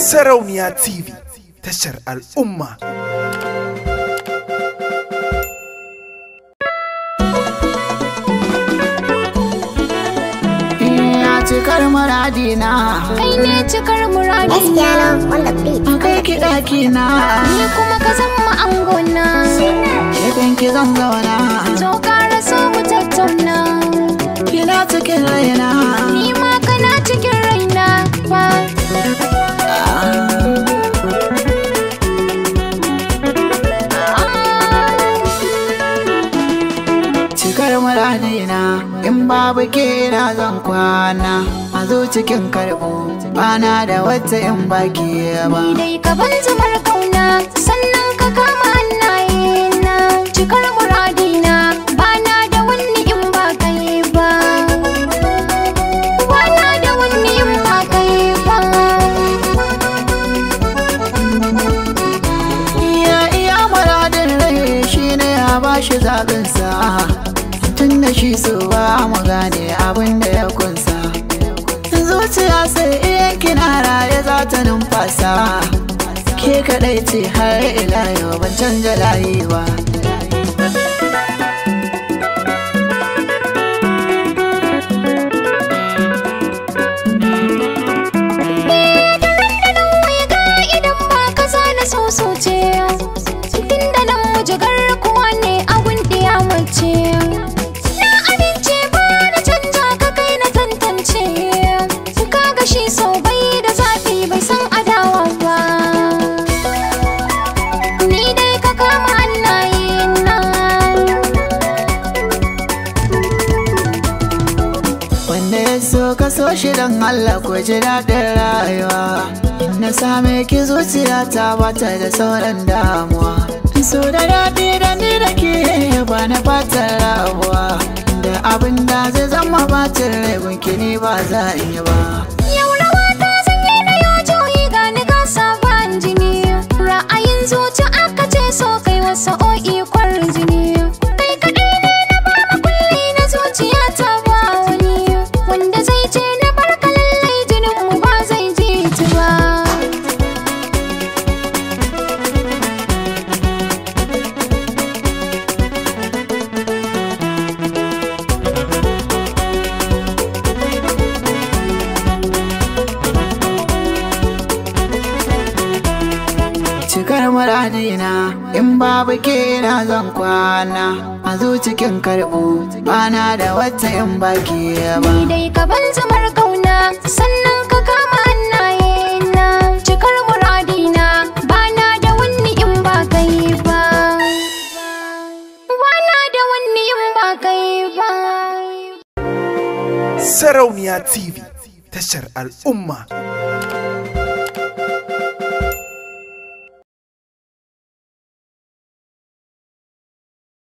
Sarauniya TV tashar al'umma. cikar muradi na kai ne cikar muradi na kai kiɗa na ni kuma ka zama angona idan ki zan zauna zama in babu ke na zan kwana a zo cikin karbo bana da wata in baki ba dai ka bar zamar kauna sannan ka kama hannaye na cikar muradina bana da wani in ba kai ba bana da wani in ba kai ba iya iya muradin rai shine ya bashi zaɓinsa da shi su ba mu gane abin da ya kunsa zuciya sai iya kina ya za ta numfasa ke kaɗai ce har ila yau ban canja layi so ka so shi don Allah ku ji daɗin rayuwa na same ki zuciya ta bata da sauran damuwa so da daɗi da ni da ke ba na fata rabuwa da abin da zai zama bacin rai gunki ni ba za in yi ba cikar muradina in babu ke na zan kwana a cikin karbo bana da wata in baki ba ni dai ka ban zamar kauna sannan ka kama hannaye na cikar muradina bana da wani in ba kai ba bana da wani in ba kai ba sarauniya tv tashar al'umma